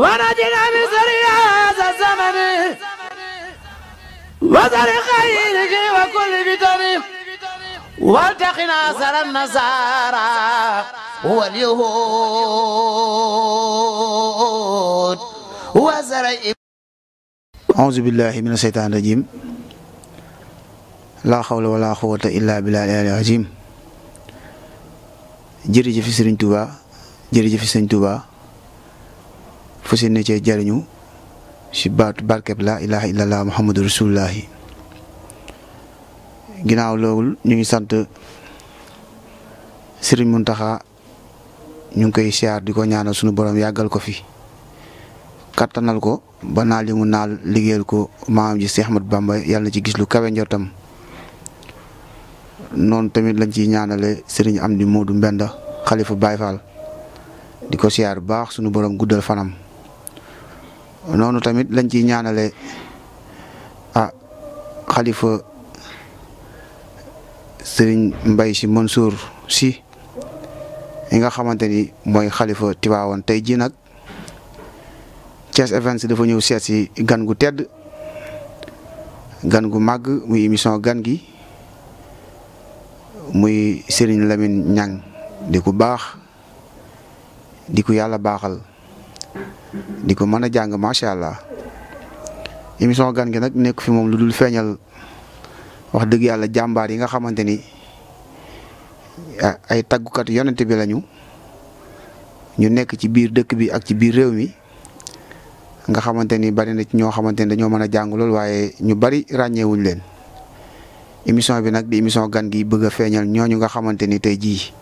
وانا جينا من سري هذا الزمن وزر خيرك وكل بتميم والتقنا سر النصارى واليهود وزر أعوذ بالله من الشيطان الرجيم laa xawla wala xuwata illa billahi al azim jërëjëf sëriñ Tuuba jërëjëf sëriñ توبا fas yéene cee jariñu ci baatu barkeb laa ilaha illallah muhammadu rasulullahi ginnaaw loolu ñu ngi sant sëriñ Muntaxa ñu ngi koy siyaar di ko ñaanal sunu borom yàggal ko fi kàttanal ko ba naal li mu naal liggéeyal ko maam ji Seex Ahmadu Bamba yàlla na ci gis lu kawe njortam noonu tamit lañ ciy ñaanale sëriñ Amdi Moodu mbend xalifa Baay Faal di ko siyaar baax sunu borom guddal fanam noonu tamit lañ ci ñaanale a ah, xalifa sëriñ Mbay si Mansour si yi nga xamante ni mooy xalifa Tiwaawoon tey jii nag Thiès Events dafa ñëw seet si gan gu tedd gan gu màgg muy émission gan gi muy sëriñ lamin Niang di ku baax di ku yàlla baaxal di ko mën a jàng macha allah émission ya, ya, ya, gan gi nak nek fi mom luddul feñal wax deug yalla jambar yi nga xamanteni ni ay taggukat yonent bi lañu ñu nek ci biir dekk bi ak ci biir rew mi nga xamanteni bari na ci ño xamanteni dañu mëna jang lool waye ñu bari rañé wuñ leen émission bi nak di émission gan gi bëgg feñal feeñal ñooñu nga xamanteni tay ji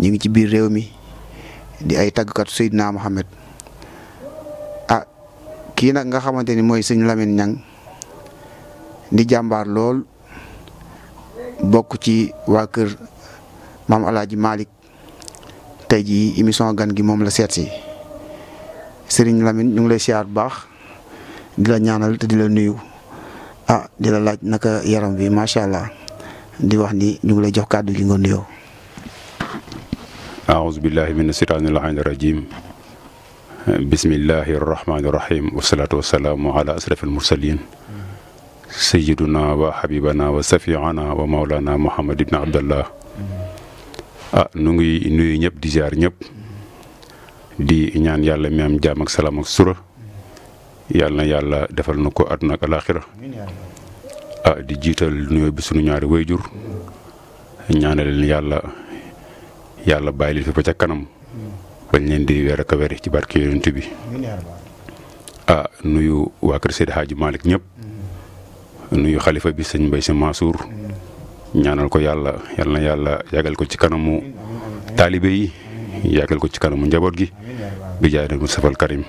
ñi ngi ci biir rew mi di ay taggukat Seydina muhammad kii nag nga xamante ni mooy sëñ Lamine Niang di jàmbaar lool bokk ci waa kër maam El Hadj Malick tey jii émission gan gi moom la seet si sëriñ lamit ñu ngi lay siyaar bu baax di la ñaanal te di la nuyu a ah, di la laaj naka yaram bi macha allah di wax ni ñu ngi lay jox kàddu gi nga nuyoo. a'uuzu billaahi mina shaytaani rajiim بسم الله الرحمن الرحيم والصلاة والسلام على أسرف المرسلين سيدنا وحبيبنا وسفيعنا ومولانا محمد بن عبد الله نوي نوي نيب دي زيار نيب دي نيان يالا ميام جامك سلامك سورة يالا يالا دفل نكو أدنا الآخرة دي جيتال نوي بسنو نيار ويجور نيان يالا يالا بايلي في بجاكنام bañ leen di weer ak a weri ci barke yonent bi a ah, nuyu waa kër Seydi Hadji Malick ñëpp nuyu xalifa bi sëñ Mbaye Sy Mansour ñaanal ko yàlla yal na yàlla yàggal ko ci kanamu taalibe yi yàggal ko ci kanamu njaboot gi bi jaay mu safal Karim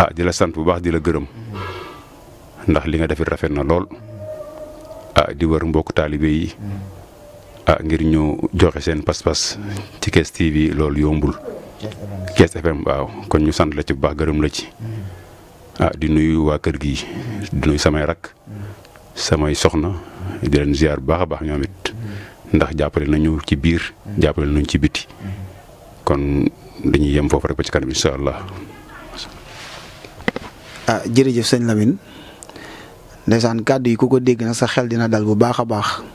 ah di la sant bu baax di la gërëm ndax li nga defit rafet na lool a ah, di wër mbokk taalibe yi. ah ngir ñu joxe seen pas-pas ci Thiès TV lool yombul Thiès FM waaw kon ñu sant la ci ba baax la ci ah di nuyu wa kër gi di nuyu samay rak samay soxna di len ziar bu baax baax ñoom it ndax jàppale nañu ci biir jàppale nañu ci biti kon dañuy yem fofu rek ba ci kanam inshallah allah. ah jërëjëf seigne Lamine ndeysaan kaddu yi ku ko dégg sa xel dina dal bu baaxa baax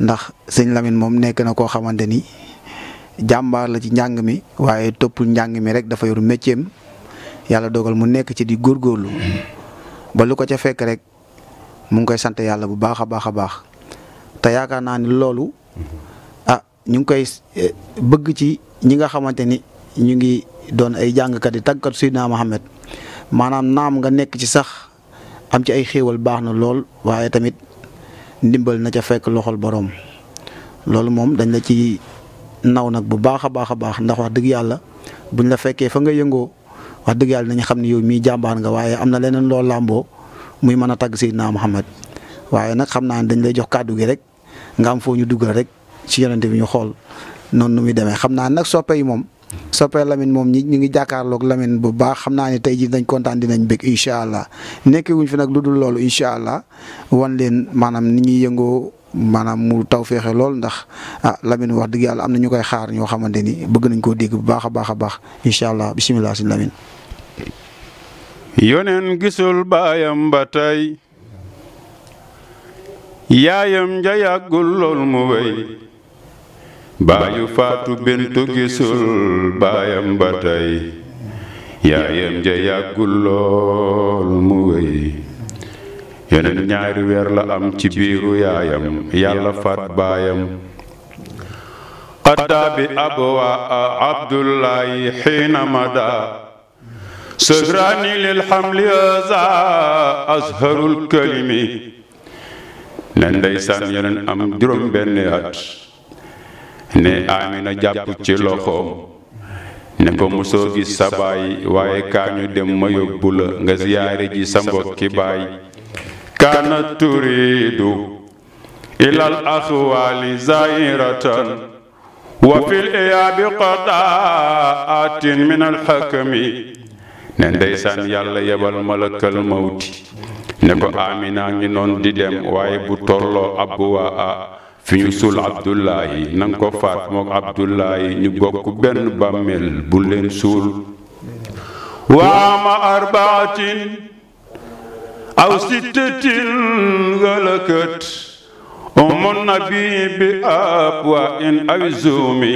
ndax señ Lamine mom nek na ko xamanteni jambar la ci njang mi waye top njang mi rek dafa yor metiem yalla dogal mu nek ci di góorgóorlu ba lu ko ca fek rek mu ngoy sante yalla bu baakha a baax ta baax ni ah ñu ngoy eh, bëgg ci ñi nga xamanteni ñu ngi doon ay kat di tàggat Seydina muhammad manam naam nga nek ci sax am ci ay xewal baax na tamit ndimbal na ca fekk loxol boroom loolu moom dañ la ci naw nag bu baax a baax a baax ndax wax dëgg yàlla buñ la fekkee fa nga yëngoo wax dëgg yàlla nañu xam ne yow mii jàmbaar nga waaye am na leneen loo làmboo muy mën a tagg Seydina Muhammad waaye nag xam naa ne dañ lay jox kàddu gi rek nga am foo ñu dugal rek ci yonente bi ñu xool noonu muy demee xam naa nag soppe moom soppee Lamine moom ñi ñu ngi jàkkaarloog Lamine bu baax xam naa ne tey jii dañ kontaan dinañ bëgg incha allah nekk wuñ fi nag lu dul loolu incha allah wan leen maanaam ni ñuy yëngoo maanaam mu taw feexe lool ndax a ah, lamin wax dëgg yàlla am na ñu koy xaar ñoo xamante ni bëgg nañ koo dégg bu baax a baax a baax incha allah bisimilah si Lamine. yoneen gisul baayam ba tey yaayam ja yàggul lool mu wéy baayu faatu bintu gisul baayam ba tey yaayam ja yàggul lool mu wéy yeneen ñaari weer la am ci biiru yaayam yàlla faat baayam xattaabi abwa abdullahi xiina mada sëhraani lil xamli za azharul kalimi ne ndeysaan yeneen am juróom benn ne Amina jàpp ci loxoom ne ko mosoo gis sa baay waaye kaañu dem ma yóbbu la nga ziyaare ji sa mbokki baay kaana turiidu ilal axwaali zairatan wa fil iyaabi qadaatin min alxakami ne ndeysaan yàlla yebal malakal mawti ne ko Amina ngi noon di dem waaye bu tolloo abwaa fi ñu suul Abdullahi na ko faat mook Abdullahi ñu bokk benn bàmmeel bu leen suul waama arbaatin aw sittatin galakat umun nabi bi ab waa in awi zuumi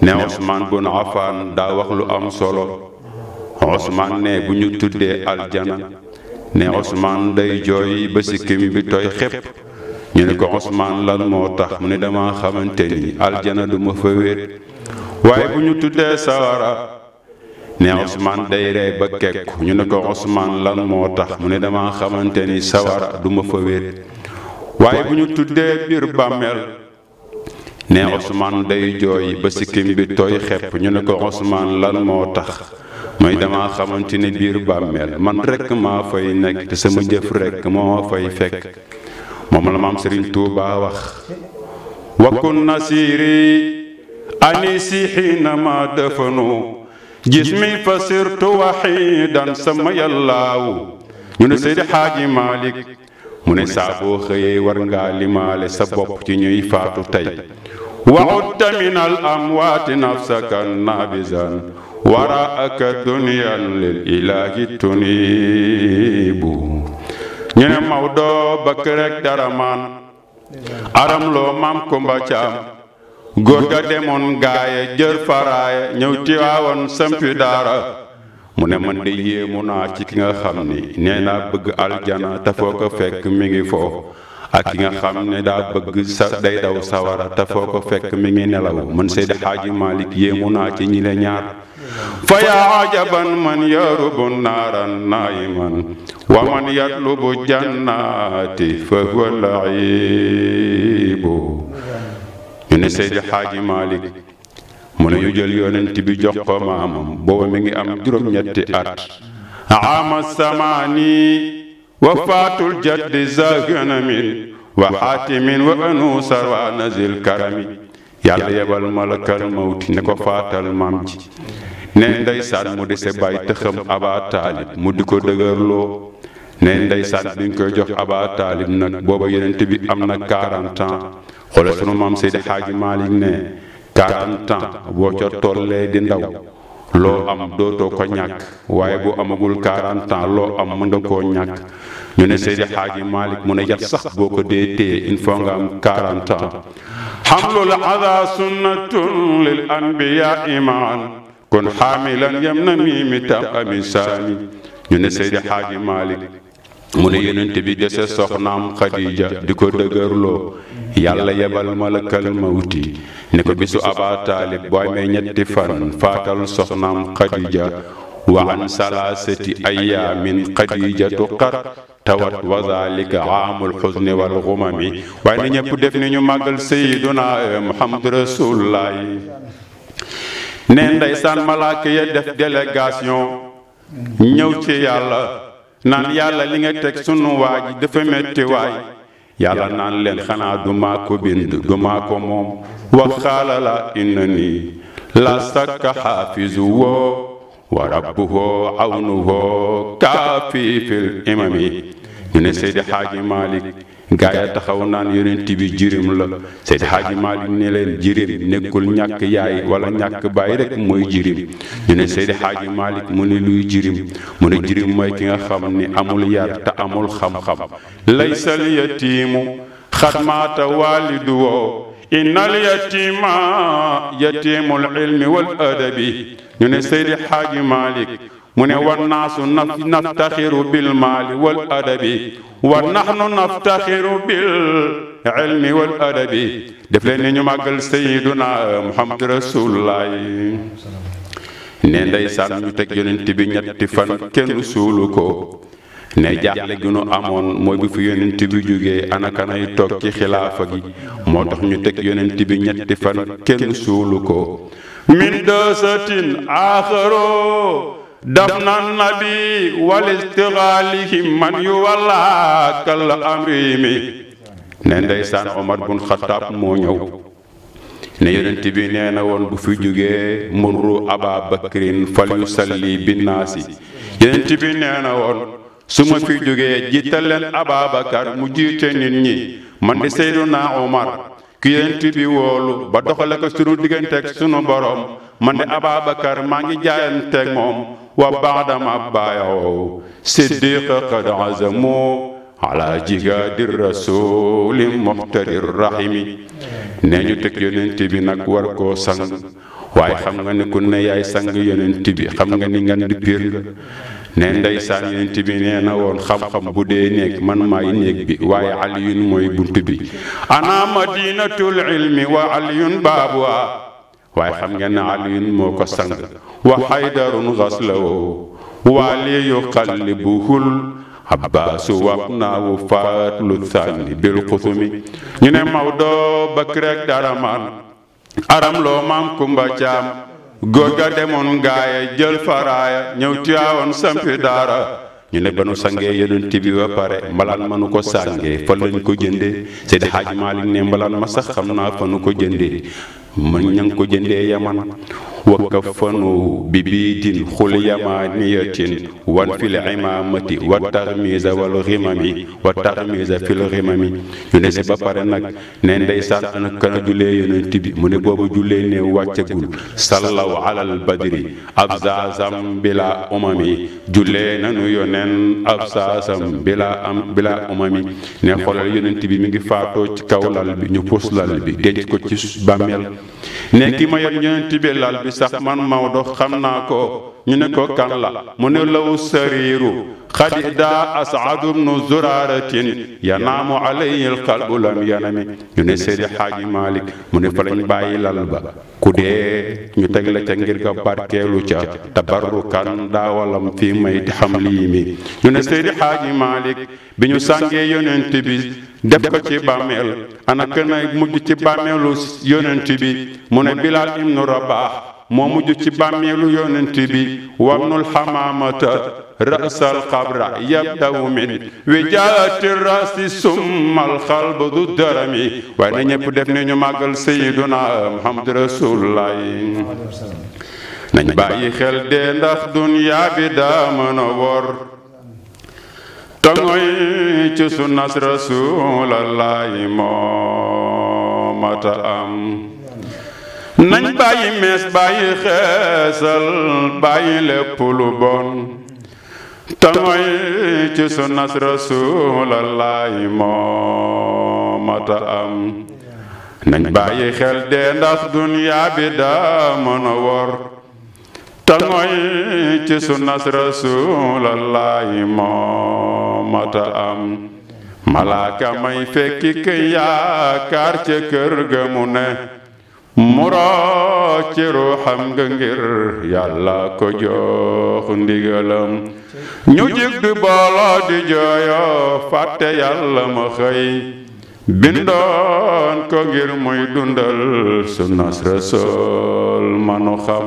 ne Ousmane bun Affan daa wax lu am solo Ousmane ne bu ñu tuddee aljana ne Ousmane day jooy ba sikkim bi tooy xepp ñu ne ko Ousmane lan moo tax mu ne dama xamante ni aljana du fa wéet waaye bu ñu tuddee sawara ne Ousmane day rey ba kekku ñu ne ko Ousmane lan moo tax mu ne dama xamante ni sawara du ma fa wéet waaye bu ñu tuddee biir bàmmeel ne Ousmane day jooy ba sikkim bi tooy xepp ñu ne ko Ousmane lan moo tax mooy dama xamante ni biir bàmmeel man rekk maa fay nekk te sama jëf rekk moo fay fekk moom la maam Serigne Touba wax wakun nasiri anisi xiina ma dafanu jismi fa sirtu waxidan sama yàllaaw ñu ne Seydi Xaaji Malik mu ne saa boo xëyee war ngaa limaale sa bopp ci ñuy faatu tey waxutta min al amwaati nafsaka naabisan waraaka duniyan lil ilaahi tunibu ñu ne Maodo bëkk rek dara maan aram loo maam kumba caam góor ga demoon gaaye jër faraaye ñëw tiwaawoon sampi daara mu ne man de yéemu naa ci ki nga xam ni nee naa bëgg aljana te foo ko fekk mi ngi foofu ak ki nga xam ne daa bëgg sa day daw sawara te foo ko fekk mi ngi nelaw man Seydi Xaaji Malik yéemu naa ci ñi ñaar فيا عجبا من يرب النار نائما ومن يطلب الجنات فهو لعيب من سيد الحاج مالك mu ne ñu jël bi jox ko maamam booba mi ngi am juróom-ñetti at ama samaani wa faatul jaddi zaganamin wa xaatimin wa anu sarwa nazil karami yàlla yebal malakal mawti ne ko faatal maam ji ne ndeysaan mu di bàyyi tëxam abaa mu di ko dëgërloo ne ndeysaan bi ñu koy jox abaa taalib nag booba yonent bi am na 40 ans xoolal sunu maam Seydi Xaaji Maalik ne 40 ans boo ca tollee di ndaw loo am dootoo ko ñàkk waaye boo amagul 40 ans loo am mën nga koo ñàkk ñu ne Seydi Xaaji Maalik mu ne yat sax boo ko dee téye il faut nga am 40 ans xamlul ada lil anbiyaa imaan كن حاملا يمنا ميمي تاقا ميساني يوني سيد حاجي مالك من ينتي بي دسي سخنام خديجة ديكو دقر لو يالا يبال ملك الموتي نكو بسو أبا طالب بوي مين يتفن فاتل سخنام خديجة وعن ثلاثة أيام من خديجة قر توت وذلك عام الحزن والغمم وعن ينبو دفن ينمغل سيدنا محمد رسول الله ne ndeysaan malaaka ya def délégation ñëw ci yàlla naan yàlla li nga teg sunu waa ji dafa metti waay yàlla naan leen xanaa du maa ko bind du ko moom wa xaala la nii la sakka xaafisu wa rabbuhoo awnuhoo kaafi imami ñu ne Seydi Xaaji Malik gaa ya taxaw naan yonent bi jirim la Seydi Haaji Maalik ne leen jirim nekkul ñàkk yaay wala ñàkk baay rek mooy jirim ñu ne Seydi Haaji Maalik mu ne luy jirim mu ne jirim mooy ki nga xam ni amul yar te amul xam-xam laysal yatiimu xadmaata waalidu woo innal yatiima yatiimul ilmi wal adabi ñu ne Seydi Haaji Maalik من والناس نفتخر بالمال والادب ونحن نفتخر بالعلم والادب دفلني نيو ماغل سيدنا محمد رسول الله ني ندايسان ني تك يونتي بي نياتي فان كن رسولكو ني جاخلي غنو امون موي بي في يونتي بي جوغي انا كاناي توك كي خلافه غي موتاخ ني تك يونتي بي نياتي فان كن رسولكو من دوساتين اخرو دفن النبي والاستغاله من يولى كالأمريم ne ndeysaan Omar bun Xataab moo ñëw ne yonent bi nee na woon bu fi jógee murru Aba Bakrin fal yu salli binnaasi yonent bi nee na woon su ma fi jógee jiital leen Ababakar mu jiite nit ñi man di Seydunaa Omar ki yonent bi woolu ba doxale ko sunu diggante ak sunu borom man di Ababakar maa ngi jaayanteeg moom wa وبعد ما بايعوا صديق قد عزموا على جهاد الرسول مقتدي الرحم nee ñu teg yonent bi nag war koo sang waaye xam nga ni ku ne yaay sang yonent bi xam nga ni ngan di piir nga ne ndeysaan yonent bi nee na woon xam-xam bu dee néeg man maay néeg bi waaye aliyun mooy bunt bi ana madinatul ilmi wa aliyun baabuha waaye xam ngeen ne aliyun moo ko sang wa xaydarun xaslawo waaliyu xallibuhul abbaasu wabnaawu faatlu thani bil xusumi ñu ne Maodo ba krek daramaan aram loo maam kumba caam góor ga demoon gaaya jël faraaya ñëw tuyaawoon sampi daara ñu ne ba nu sangee yonent bi ba pare mbalaan ma nu ko sàngee fa lañ ko jëndee Seydi Haaji Maalik ne mbalaan ma sax xam naa fa nu ko jëndee man ña ngi ko jëndee yaman وكفنوا ببيت خل وفي العمامة والتغميز والغمم والتغميز في الغمم يونس بابارنك نك نين ديسان انا كان جولي يونت بي من بوبو جولي ني واتغول صلوا على البدر ابزازم بلا اممي جولي نانو يونن ابزازم بلا ام بلا اممي ني خولال يونت بي ميغي فاتو ci kawlal bi ñu puslal bi denc ko ci bammel ne ki bi sax man Maodo xam naa ko ñu ne ko kan la mu ne law sariiru xad ida asaadu bnu zuraaratin yanaamu alayhi alqalbu lam yanami ñu ne Seydi Xaaji Malik mu ne fa bàyyi lal ba ku dee ñu teg la ca ngir nga barkeelu ca tabarrukan daawalam fii may ti xam lii mi ñu ne Seydi Xaaji Malik bi ñu sàngee yonent bi def ko ci bàmmeel ana kën mujj ci bàmmeelu yonent bi mu ne Bilaal ibnu Rabaax moo mujj ci bàmmeelu yonent bi وابن الحمامة رأس القبر يبدأ من وجاءة الرأس ثم القلب ذو الدرم وأنا نيب دفن ماغل سيدنا محمد رسول الله nañ bàyyi xel dee ndax dunyaa bi daa mën a wor te ngoy ci sunnas rasulallaahi moo mata am nañ bàyyi mees bàyyi xeesal bàyyi lépp lu bon te mooy ci sunnas rasuulallahi moo mata am nañ bàyyi xel dee ndax duniyaa bi daa a wor te mooy ci sunnas rasuulallahi moo mata am malaaka may fekki kë yaakaar ca kër ga mu ne muraad ci ruuxam nga ngir yàlla ko jox ndigalam ñu jig di booloo di jooyoo fàtte yàlla ma xëy bindoon ko ngir muy dundal sunnas rasul manu xam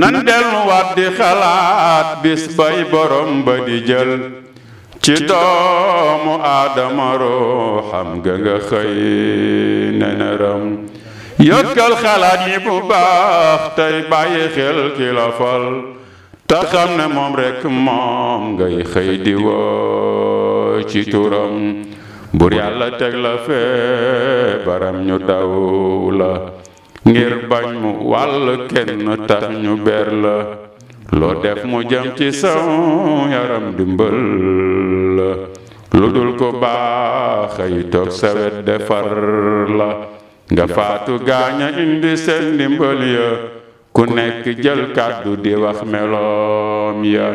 nan delluwaat di xalaat bis bay borom ba di jël ci doomu aadama ruuxam nga nga xëy neneram yokkal xalaat yi bu baax tey bàyyi xel ki la fal te xam ne moom rekk moom ngay xëy di woo ci turam bur yàlla teg la fee baram ñu daw la ngir bañ mu wàll kenn tax ñu ber la loo def mu jëm ci saw yaram dimbal la lu dul ko baax ay toog sawet defar la nga faatu gaña indi sen ndimbal ya ku nek jël kaddu di wax melom ya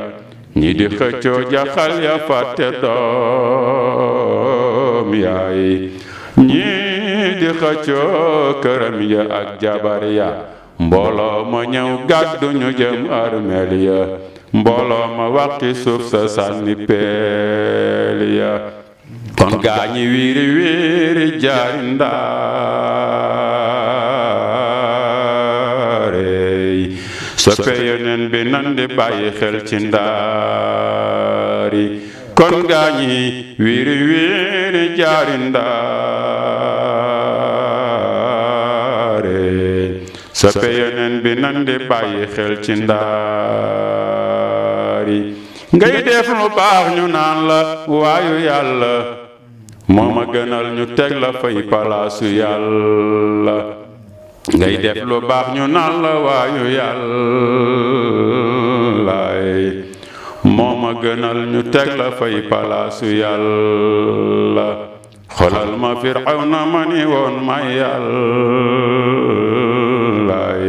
ni di xëccu jaxal ya fàtte doom yaay ni di xëccu këram ya ak ya jabar ya mbolo ma ñew gaddu ñu jëm armel ya mbolo ma suuf sa sanni pel ya kon gaañi wiiri wiiri jaari ndaarey soppe yoneen bi nan di bàyyi xel ci ndaari kon gaañi wiiri wiiri jaari ndaarey soppe yoneen bi nan bàyyi xel ci ndaari ngay def lu baax ñu naan la waayu yàlla moo ma gënal ñu teg la fay palaasu yàlla ngay def lu baax ñu naan la waayu yàllaay moo ma gënal ñu teg la fay palaasu yàlla xolal ma firaw na ma ni woon ma yàllaay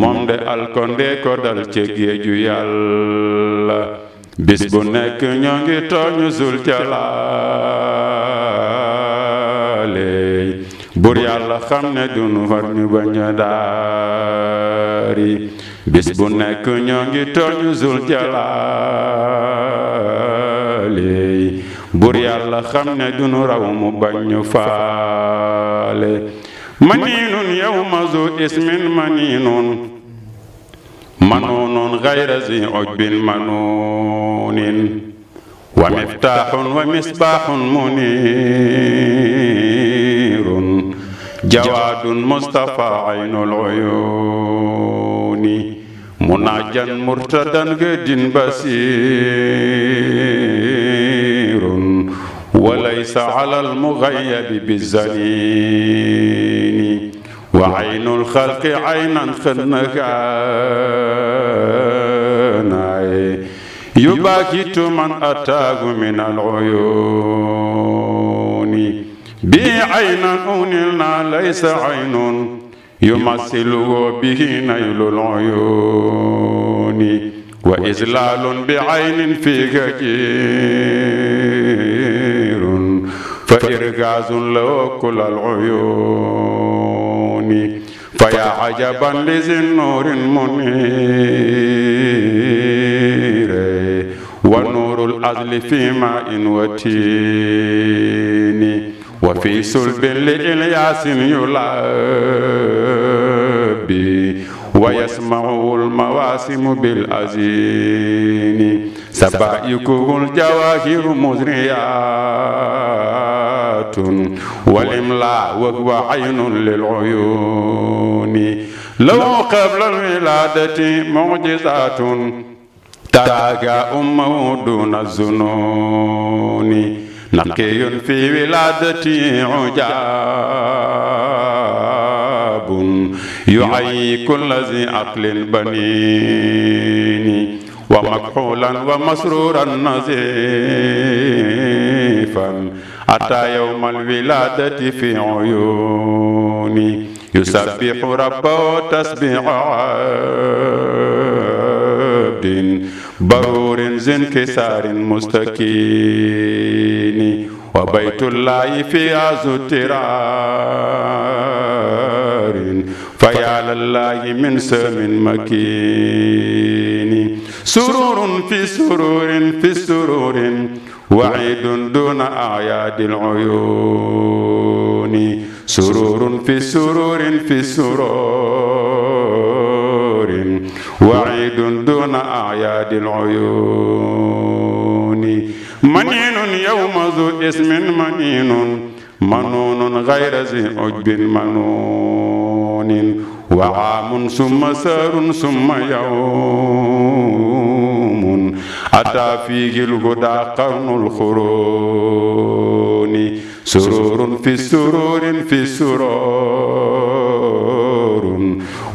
moom de alkonde ko dal ci géeju yàlla bis bu nekk ñoo ngi tooñu zul jalaa bur yàlla xam ne dunu far ñu bañ a daari bis bu nekk ñoo ngi tooñu zul jalaali bur yàlla xam ne dunu raw mu bañ faale maniinun yow zu ismin maniinun منون غير ذي عجب منون ومفتاح ومصباح منير جواد مصطفى عين العيون مناجا مرتدا قد بسير وليس على المغيب بالزنين وعين الخلق عينا خنكانا يباكت من أتاه من العيون عين أونيلنا ليس عين يمثله به نيل العيون وإزلال بعين في كثير فإرغاز له كل العيون فيا عجبا لذي النور المنير ونور الأذل في ماء وتين وفي سلب لإلياس يلابي ويسمع المواسم بالأزين سبائكه الجواهر مزريات والإملاء وهو عين للعيون لو قبل الولادة معجزات تاجا أمه دون الزنون نقي نعم. في ولادتي عجاب يعي كل ذي عقل البنين ومكحولا ومسرورا نزيفا أتى يوم الولادة في عيوني يسبح ربه تسبيح عبد برور ذي كسار مستكين وبيت الله في ازترار فيا لله من سم مكين سرور في سرور في سرور وعيد دون أعياد العيون سرور في سرور في سرور وعيد دون أعياد العيون منين يوم ذو اسم منين منون غير ذي عجب منون وعام ثم سار ثم يوم أتى فيه الهدى قرن الخرون سرور في سرور في سرور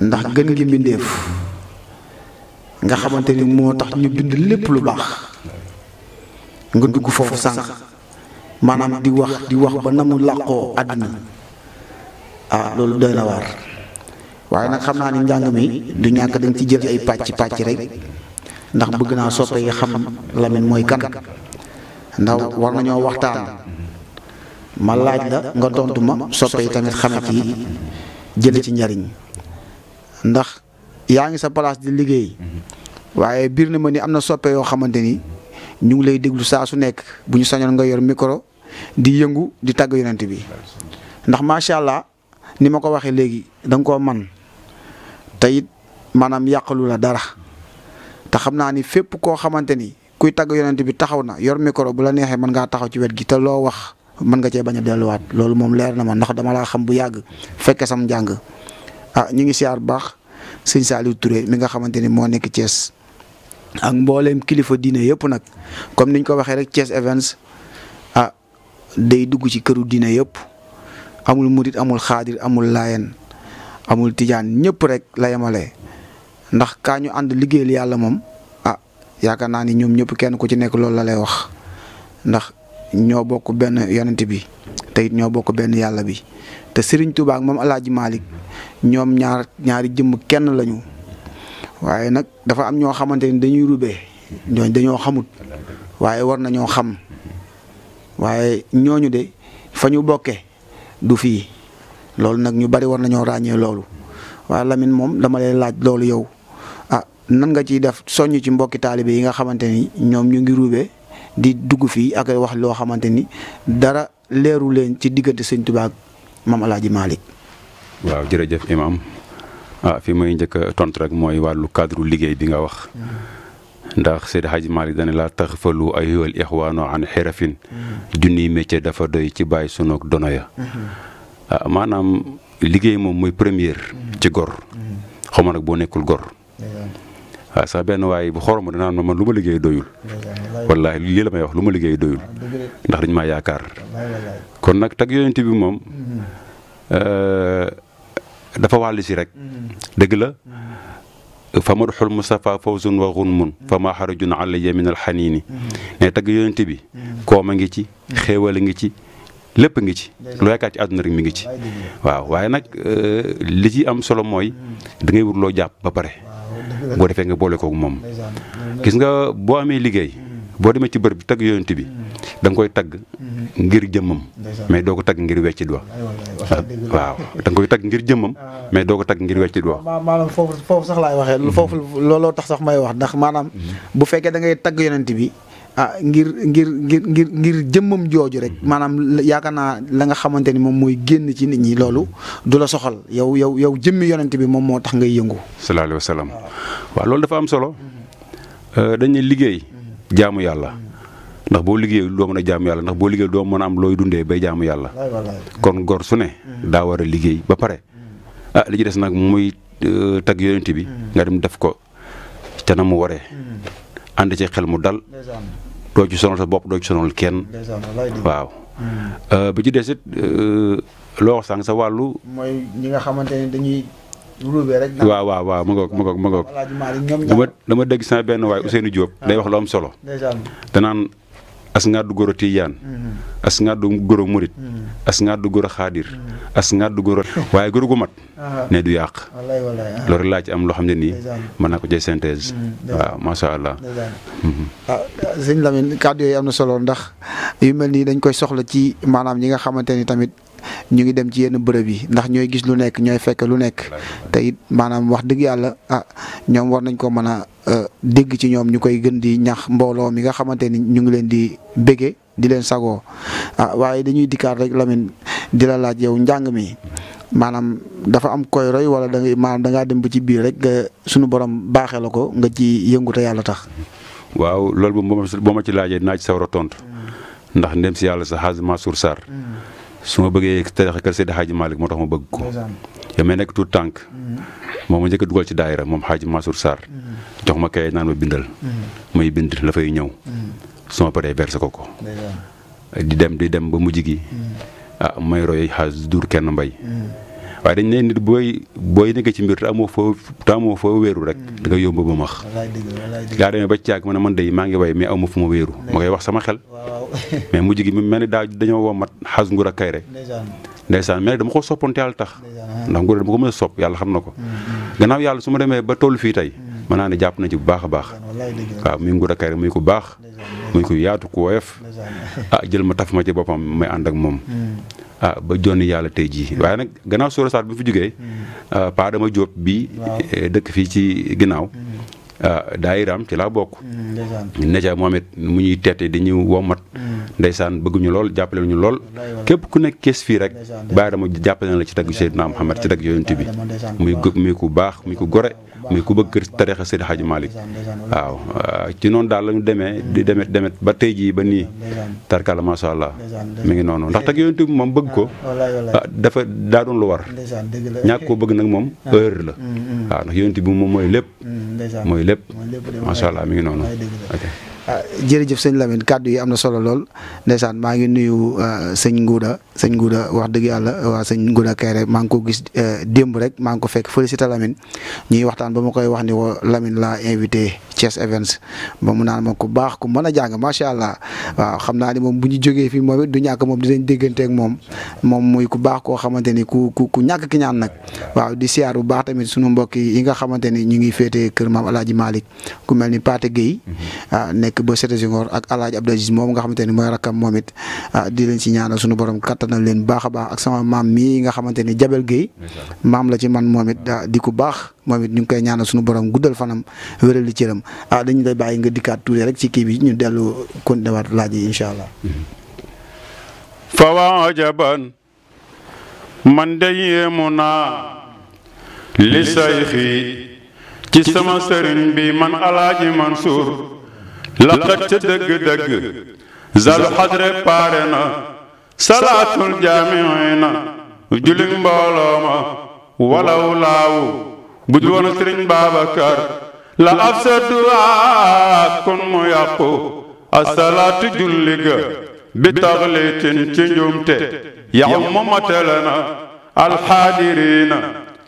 ndax gën gi mbindeef nga xamante ni moo tax ñu bind lépp lu baax nga dugg foofu sànq maanaam di wax di wax ba namu làqoo àddina ah loolu doy na waar waaye nag xam naa ni njàng mi du ñàkk dañ ci jël ay pàcc pàcc rek ndax bëgg naa soppe yi xam lamin mooy kan ndaw war nañoo waxtaan ma laaj la nga tontu ma soppe yi tamit xame ci ci njariñ ndax yaangi sa place di liggey waye birna na ma ni amna soppe yo xamanteni ñu ngi lay deglu sa su nek buñu ñu nga yor micro di yëngu di tag yonent bi ndax sha allah ni ko waxee léegi da man tayit manam yaqlu la dara ta xamna ni fepp ko xamanteni kuy tag yonent bi taxaw na yor micro bu la nexe man nga taxaw ci wet gi te lo wax man nga ci baña delu wat lolou mom leer na man ndax dama la xam bu yag fekke sam jang ah ñu ngi siar bax seigne salou Touré mi nga xamanteni mo moo nekk Thiès ak mbollem kilifa diine yépp nak comme niñ ko waxé rek Thiès Events ah day dugg ci këru diine yépp amul mourid amul khadir amul layen amul tiyan ñepp rek la yamalé ndax kañu and liggéeyal yàlla ah yaaka naani ñom ñepp kenn ku ci nekk lool la lay wax ndax ño bokku ben yonent bi te ñoo bokk benn yàlla bi te sëriñ tubaak ak moom El Hadj Malick ñoom ñaar ñaari jëmm kenn lañu waaye nag dafa am ñoo xamante ni dañuy rubee ñooñ dañoo xamut waaye war nañoo xam waaye ñooñu de fa ñu bokkee du fii loolu nag ñu bari war nañoo ràññee loolu waaye Lamine moom dama lay laaj loolu yow ah nan nga ciy def soññ ci mbokki taalibe yi nga xamante ni ñoom ñu ngi rubee di dugg fii ak wax loo xamante ni dara leeru leen ci diggante sëñ Tuubaa ak maam waaw jërëjëf imam ah fi may njëkk a tontu rek mooy wàllu cadre liggéey bi nga wax. ndax Seydi Hadj Malick dana laa tax falu ay wal ixwaano an xirafin junniy métier dafa doy ci bàyyi sunoog dono ya ah, maanaam liggéey moom mooy première ci gor xaw ma nag boo nekkul gor. waaw sax benn waaye bu xoromu danaan ma man lu ma liggéey doyul wallaahi lii la may wax lu ma liggéey doyul ndax dañ ma yaakaar kon nag tag yonent bi moom euh, dafa wàllu si rek dëgg la fa madxul Mustafa fawzun wa gunmun fa ma xarajun alayya min alxaniini ne tagg yonent bi koom a ngi ci xéewal a ngi ci lépp a ngi ci lu yaakaar ci àdduna rek mi ngi ci waaw waaye nag euh, li ci am solo mooy da wut loo jàpp ba pare boo defee nga boole koog moom gis nga boo amee liggéey boo demee ci bërëb tag yonent bi danga koy tagg ngir jëmmam mais doo ko tagg ngir weccit wa waaw da nga koy tagg ngir jëmmam mais doo ko tagg ngir weccit wa maanaam foofu sax laay waxee foofu looloo tax sax may wax ndax maanaam bu fekkee da ngay tagg yonent bi ah ngir ngir ngir ngir ngir jëmmam jooju rek mm-hmm. maanaam yaakaar naa la nga xamante ni moom mooy génn ci nit ñi loolu du la soxal yow yow yow jëmmi yonent bi moom moo tax ngay yëngu. sallallahu alayhi wa sallam ah. waaw loolu dafa am solo mm-hmm. euh, dañuy liggéey mm-hmm. jaamu yàlla. ndax boo liggéey doo mën a jaamu yàlla ndax boo liggéey doo mën a am looy dundee bay jaamu yàlla kon gor su ne daa war a liggéey ba pare ah li ci des nag muy euh, tagg yonent bi nga dem def ko ca na mu waree ànd ci xel mu dal doo ci sonal sa bopp doo ci sonal kenn. waaw. Hmm. Euh, bi ci des it euh, loo wax sa wàllu. mooy ñi nga xamante ne dañuy ruubee rek. waaw waaw waaw ma ngoog ma ngoog ma ngoog. dama dégg sama benn waay Ousseynou Diop. day wax lu am solo. danaan as ngàddu goro tiijaan mm-hmm. as ngàddu goro murit mm-hmm. as ngàddu goro xaadir mm-hmm. as du goro waaye goro gu mat uh-huh. ne du yàq uh-huh. loolu laa ci am loo xam ne ni mën naa ko jël synthèse waaw masha allah ah sëñ Lamine kàddu am na solo ndax yu mel nii dañ koy soxla ci maanaam ñi nga xamante ni tamit ñu ngi dem ci yenn bërëb yi ndax ñooy gis lu nekk ñooy fekk lu nekk tey maanaam wax dëgg yàlla ah ñoom war nañ ko mën a euh, dégg ci ñoom ñu koy gën di ñax mbooloo mi nga xamante ni ñu ngi leen di bége di leen sagoo a ah, waaye dañuy dikkaat rek Lamine di la laaj yow njàng mi maanaam dafa am koy roy wala da ngay maanaam dem ba ci biir rek nga sunu borom baaxee la ko nga ci yëngu yàlla tax. waaw loolu boo ma ci laajee naa ci sawar a ndax ndem si yàlla sa xaas Mansour Sarr mm. su ma bëggee tarixa kër Seydi Hadji Malick moo tax ma bëgg ko ya may nekk tout tànk mm-hmm. moom ma njëkk dugal ci daayira moom Hadji Mansour saar mm-hmm. jox ma kay naan ma bindal mm-hmm. may bind la fay ñëw su paree verse ko ko di dem di dem ba mujj gi ah may roy xaas duur kenn mbay waaye dañ ne nit booy booy nekk ci mbir amoo foo taamoo foo wéeru rek mm. da nga yomb ba max gaa demee ba caag man a man day maa ngi way mais aw ma fu ma wéeru ma koy wax sama xel mais mujj gi mu mel ni daa dañoo womat xas nguur ak kay rek mais dama ko soppante yàlla tax ndax nguur dama ko mën sopp yàlla xam na ko mm, mm. gannaaw yàlla su ma demee ba toll fii tey mën naa ne jàpp na ci bu baax a baax waaw muy nguur ak kay muy ko baax muy ko yaatu ku woyof ah jël ma taf ma ci boppam may ànd ak moom ah ba jonni yàlla tey jii hmm. waaye nag gannaaw Sooro Sarr bi fi jugee hmm. ah, Pa Adama Diop bi eh, dëkk fii ci ginnaaw hmm. ah, daayiraam ci laa bokk neja moom it mu ñuy teete di ñu womat ndeysaan bëgguñu lool jàppale ñu lool képp ku nekk kees fii rek Ba Adama jàppale na la ci tagg Seydina Muhammad ci tagg yonent bi muy ku baax muy ku gore mais ku bëgg kër tarixa Seydi Hadji Malick waaw ci noonu daal lañu demee di demet demet ba tey jii ba nii tarkala macha allah mi ngi noonu ndax tag yonent bi moom bëgg ko ah, dafa daa doon lu war ñàkk koo bëgg nag moom heure la waaw mm-hmm. ah, ndax yonent bi moom mooy lépp mm-hmm. mooy lépp macha allah mi ngi noonu Ah, jërëjëf sëñ Lamine kàddu yi am na solo lool ndeysaan maa ngi nuyu ah, sëñ nguuda sëñ nguuda wax dëgg yàlla waa sëñ Ngouda Kayre maa ngi ko gis eh, démb rek maa ngi ko fekk félicité Lamine ñuy waxtaan ba ma koy wax ni woo Lamine laa invité Chess Evans ba mu naan moom ku na ku mën a jàng macha allah waaw xam ni moom bu ñu fi fii moom it du ñàkk moom dinañ déggante ak moom moom muy ku baax ko xamante ni ku ku ku ñàkk ki ñaan nag waaw di siyaar bu baax tamit sunu mbokk yi nga xamante ni ñu ngi féetee kër maam El Hadj Malick ku mel ni Pate Guèye mm-hmm. ah, nekk ba Sété Senghor ak El Hadj Abdou nga xamante ni mooy rakkam ah, di leen si ñaanal sunu borom kattanal leen baax a baax ak sama maam mii nga xamante ni Jabel Guèye mam la ci man moom it ah, di ku baax moom it ñu ngi koy ñaanal suñu borom guddal fanam wéral li cëram ah dañu lay bàyyi nga dikkaat tuuti rek ci kii bi ñu dellu continué waat laaj yi incha allah. fa ajaban man de yéemu naa li sayxi ci sama sëriñ bi man alaaji Mansour laqat ca dëgg-dëgg zalu xadre paare na salaatul jaamiina julli mbooloo ma walaw laawu budul woon sëriñ Babacar la afsadu kon mu yàqu asalaatu julli ga bi taxliitin ci njuumte yow mu matale na alxaadiriina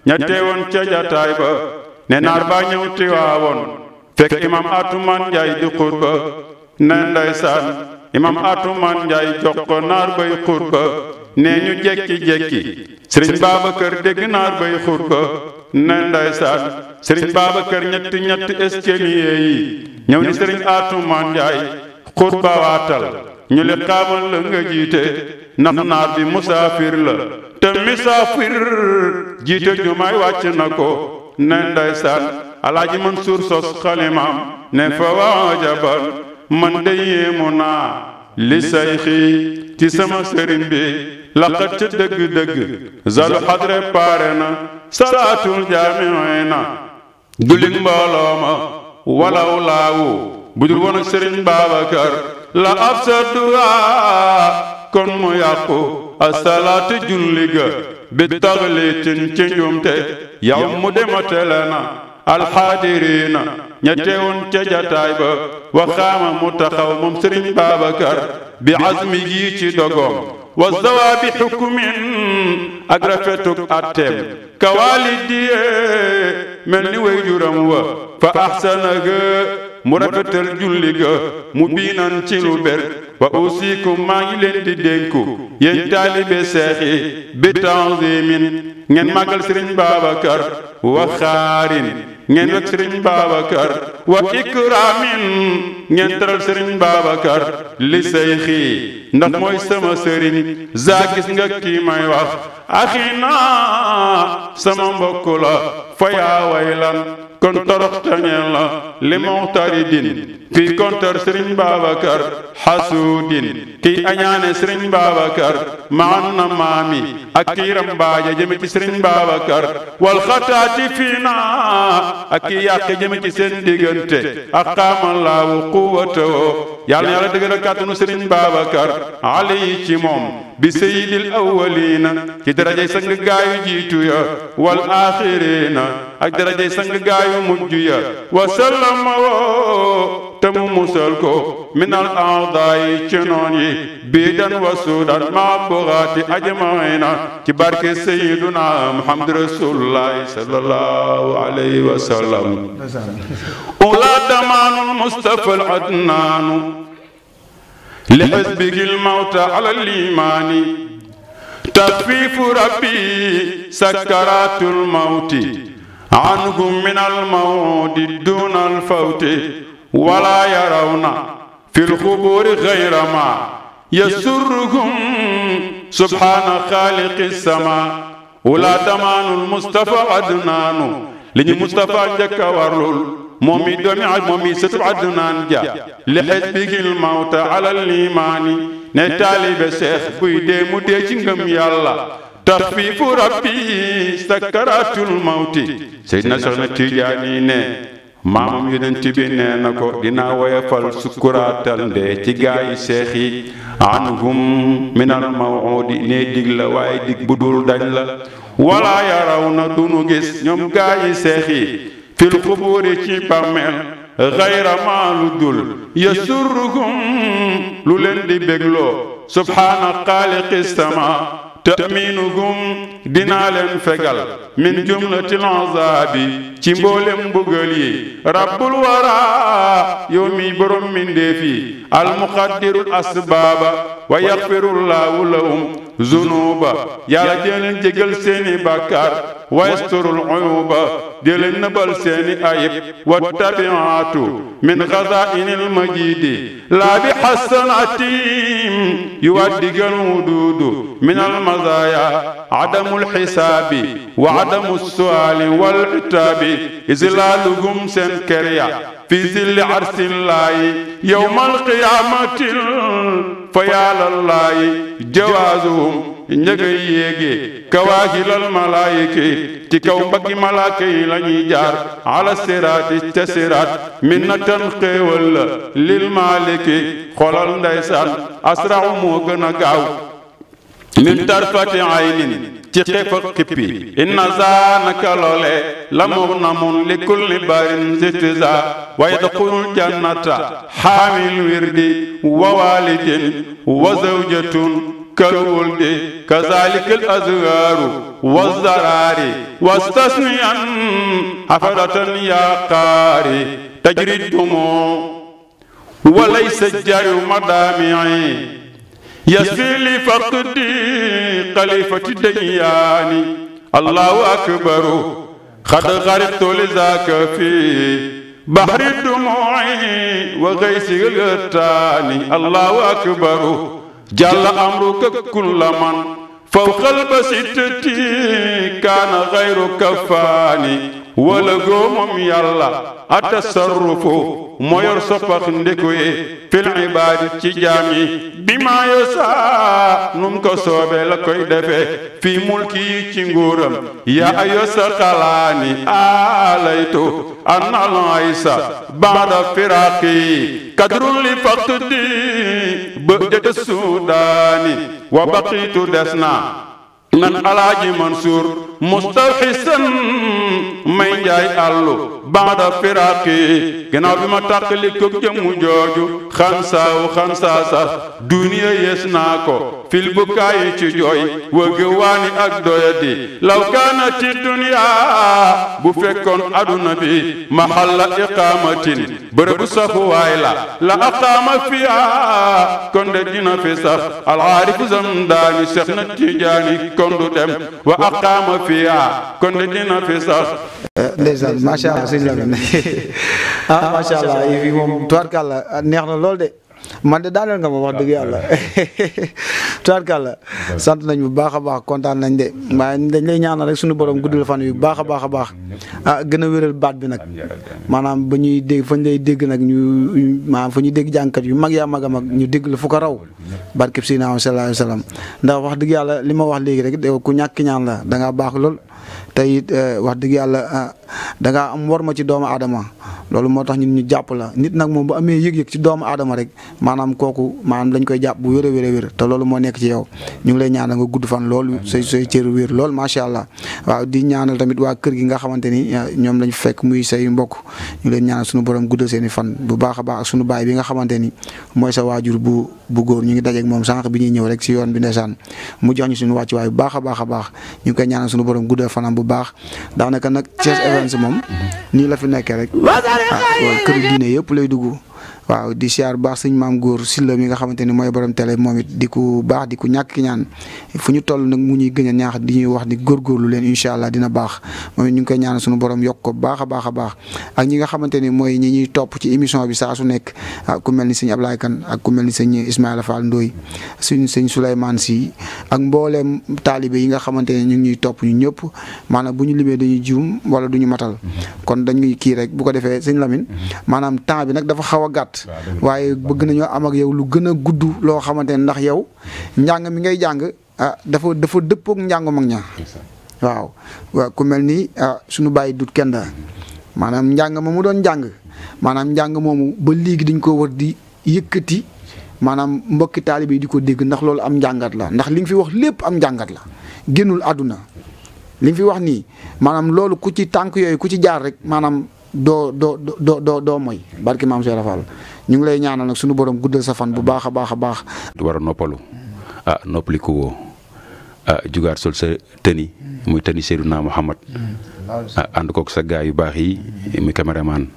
ña teewoon ca jataay ba ne naar ba ñëw tiwaawoon fekk imam atuman njaay di xutba ne ndeysaan imam atuman njaay jox ko naar bay xutba ne ñu jekki-jekki sëriñ Babacar dégg naar bay xutba na ndeysaan sëriñ Babacar ñetti ñetti escalier yi ñëw ni sëriñ Atumaan Njaay xutba waatal ñu le xaamal la nga jiite ndax naar bi musaafir la te musaafir jiite jumaay wàcc na ko ne ndeysaan alaaji Mansuur sos xalimaam ne fa waajaban man de yéemu naa li say xii ci sama sëriñ bi laqat ca dëgg-dëgg zalu xadre paare na salaatul jaamiina jullit mbooloo ma walaw laawu bu dul woon ak la ab sa duwaa kon mu yàqu asalaatu julli ga bi taxliitin ci njuumte yow mu dematele na alxaadiriina ña teewoon ca ba waxaama mu taxaw moom sëriñ Babacar bi azmi ci dogoom wa zawaabi xukumin ak atteem kawalidi mel ni way juram wa fa ahsana ga mu rafetal julli ga mu biinan ci lu ber wa usikum maa ngi leen di dénku yéen taalibe seex bi tanzimin ngeen màggal sëriñ Babacar wa xaarin ngeen wek sëriñ Babacar wa ikramin ngeen teral sëriñ Babacar li say xii ndax mooy sama sëriñ za gis nga kii may wax axina sama mbokk la fa yaa way kon torox tañeel na li muxtari din fii kontar sëriñ Babacar xasuudin kiy añaane sëriñ Babacar maan na maami ak kiiram mbaaja jëme ci sëriñ Babacar wal xataati fii na ak kiy yàqe jëme ci seen diggante yàlla na yàlla dëgëral kàttanu sëriñ Babacar ali ci moom bi sayyidil awwalina ci darajay sang gaayu jiitu ya wal axirina ak darajay sang gaayu mujj ya wa sallama te mu musal ko minal aadaay ci noon yi biidan wa suudan maa bugaati ajmaina ci barke sayiduna muhammad rasulullahi sallallahu alayhi wa sallam ula damaanul mustafa al adnaanu li xasbigi l mawta ala al imaani tafiifu rabbi sakaraatul mawti anhum min al mawdi duna al fawti ولا يرون في القبور غير ما يسرهم سبحان خالق السماء ولا تمان المصطفى عدنان لني مصطفى جك ورلول مومي دومي عد مومي ستر عدنان جا بيك الموت على الإيمان نتالي بسيخ بيدي مدي جنغم يالله تخفيف ربي سكرات الموت سيدنا سرنا تجاني نه maamam yonent bi nee na ko dinaa woyofal sukkuraatal ndee ci gaa yi seex yi anhum minal mawudi ne dig la waaye dig bu dul dañ la wala yaraw na dunu gis ñoom gaa yi seex yi fil xubuuri ci bàmmeel xayra maa lu dul yasurruhum lu leen di bégloo subhaana xaaliqi sama تامينوغوم دينا لن فغال من جمله لانزابي تي مبولم رب الورى يومي بروم من ديفي المقدر الاسباب ويغفر الله لهم ذنوبا يا جيل نجيغل سيني بكار ويستر العيوب دلنا بالسن أيب والتبعات من غزائن المجيد لا بحسن عتيم يودق الودود من المزايا عدم الحساب وعدم السؤال والعتاب إزلالهم سن كريا في ذل عرس الله يوم القيامة فيا لله جوازهم njëgay yéegee kawaahilal malaayika ci kaw la ñuy ala siraati ca siraat min na tan xéewal xolal ndeysaan asraw moo a gaaw min tarfati aynin ci xef inna zaanaka la moom li kulli barin zitza wa yadxulul jannata xaamil wirdi wa walidin wa zawjatun كرول دي كذلك الأزغار والزرار واستثنيا حفرة يا قاري تجري الدموع وليس الجار مدامعي يسفي لي لفقدي قليفة دياني الله أكبر قد غربت لذاك في بحر الدموع وغيث الغتاني الله أكبر jàll amruka kulla man fawqal basittati kaana xayru kafaani wala góomam yàlla atasarrufu moyor soppax ndiku fil ibaadi ci jaam bi maa yosaa num ko soobee la koy defee fii mulki yi ci nguuram yaa ayosa xalaani aalaytu annal aysa baada firaaqi kadrun li faqdi bëjëtë suudaani wa baqiitu des naa man alaaji mansuur mustawxisan may njaay àllu baada firaaqi gannaaw bi ma tàqali ko jëmu jooju xansaawu xansaa sax duniya yées naa ko fil bukaayi ci jooy wëgëwaani ak doyadi law kaanati duniyaa bu fekkoon aduna bi mahalla iqaamatin bërëbu saxuwaay la la aqaama fiya kon dina fi sax alxaarifu zamdaani seex na tijaani kon du dem wa aqaama fiya kon dina fi sax ndeysaan macha allah sëñ Lamine ah macha allah yi fi moom neex na lool de man de daaneel nga ma wax dëgg yàlla tubaarkàlla sant nañ bu baax a baax kontaan nañ de waaye dañ lay ñaanal rek suñu borom guddal fan yu baax a baax a baax ah gën a wéral baat bi nag maanaam ba ñuy dégg fañ lay dégg nag ñu maanaam fa ñuy dégg jànkat yu mag yaa mag a mag ñu dégg la fu ko raw barkeb Seydina sallallahu alayhi wa sallam ndax wax dëgg yàlla li ma wax léegi rek ku ñàkk ñaan la da baax lool tay eh, wax deug yalla ah, da nga am worma ma ci doomu adama lolou motax tax ñun ñu japp la nit nag mom bu amé yeg yeg ci doomu adama rek manam koku manam dañ koy japp bu wér a wér té lolou mo nekk ci yow ñu ngi lay ñaan nga gudd fan loolu sey say cër lolou ma sha allah waaw di ñaanal tamit wa kër gi nga xamanteni ni ah, ñoom lañ fekk muy sey mbokk ñu leen ñaan suñu borom guddal seeni fan bu baaxa baax suñu baay bi nga xamanteni ni sa wajur bu bu goor ñu ngi ak mom sank bi ñi ñëw rek ci yoon bi ndeysaan mu jox ñu suñu way bu baaxa baaxa baax ñu koy ñaan suñu borom guddal fanam bu baax daanaka nag Thiès Events moom ah. ni la fi nekkee rek ah kër diine yëpp lay dugg. waaw di siar baax sëñ mam góor si mi nga xamanteni moy borom télé momit diku di diku baax di ku ñaan fu ñu toll nak mu ñuy gëna ñaax di ñuy wax gor lu leen inshallah allah dina baax momit ñu ngi koy ñaan suñu borom yok ko baax a baax ak ñi nga xamanteni moy ñi ñuy top ci émission bi sa su nekk ku melni ni sëñ Ablaye Kane ak ku melni ni Ismaïla Fall ndoy suñ sëñ Souleymane si ak mbollem talibé yi nga xamanteni ñu ñuy top ñu ñëpp manam bu ñu dañuy joom wala duñu matal mm-hmm. kon dañuy ki rek bu ko défé sëñ Lamine manam mm-hmm. temps bi nak dafa xawa gatt gàtt waaye bëgg nañoo am ak yow lu gën a gudd loo xamante ne ndax yow njàng mi ngay jàng ah dafa dafa dëppook njàngu mag waaw ku mel ni ah suñu bàyyi du kenn da maanaam njàng ma mu doon njàng maanaam njàng moomu ba léegi dañ ko war di yëkkati maanaam mbokki taalibe yi di ko dégg ndax loolu am njàngat la ndax li nga fi wax lépp am njàngat la génnul àdduna li nga fi wax nii maanaam loolu ku ci tànk yooyu ku ci jaar rek do do do do do moy barki mam Cheikh Rafal ñu ngi lay ñaanal nak suñu borom guddal sa fan bu baaxa baaxa baax du wara noppalu ah noppaliku woo ah jugaat sol sa teni muy teni seyduna Muhammad ah ko ak sa gaay yu baax yi muy cameraman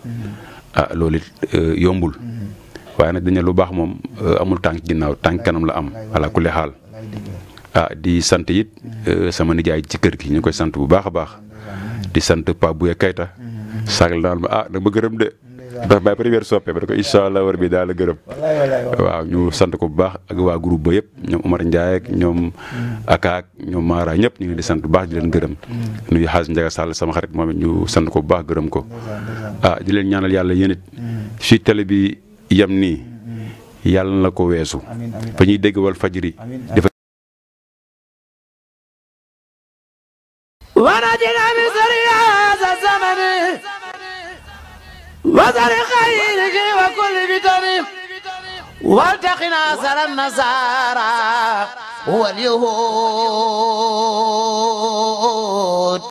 ah lolit eh, yombul waye nak dañu lu baax mom eh, amul tank ginnaw tank kanam la am ala kulli hal ah di sante yit eh, sama nijaay ci kër gi ñu koy bu baaxa baax di sant Pape Bouya Kayta. sànq daal ma ah da ba gërëm de. ndax may première soppe ba da ko incha allah war bi daal la gërëm. waaw ñu sant ko bu baax ak waa group ba yëpp ñoom Omar Ndiaye ñoom. Mm. Aka ñoom Mara ñëpp ñu ngi di sant baax di leen gërëm. Mm. nuyu xaas Ndiaga Sall sama xarit moom ñu sant ko bu baax gërëm ko. ah di leen ñaanal yàlla yéen it. si mm. télé bi yem nii. Mm-hmm. yàlla na ko weesu. ba ñuy dégg wal fajri. ورجل بسريان زمني وزر خيرك وكل بدني والتقنا سر النصارى واليهود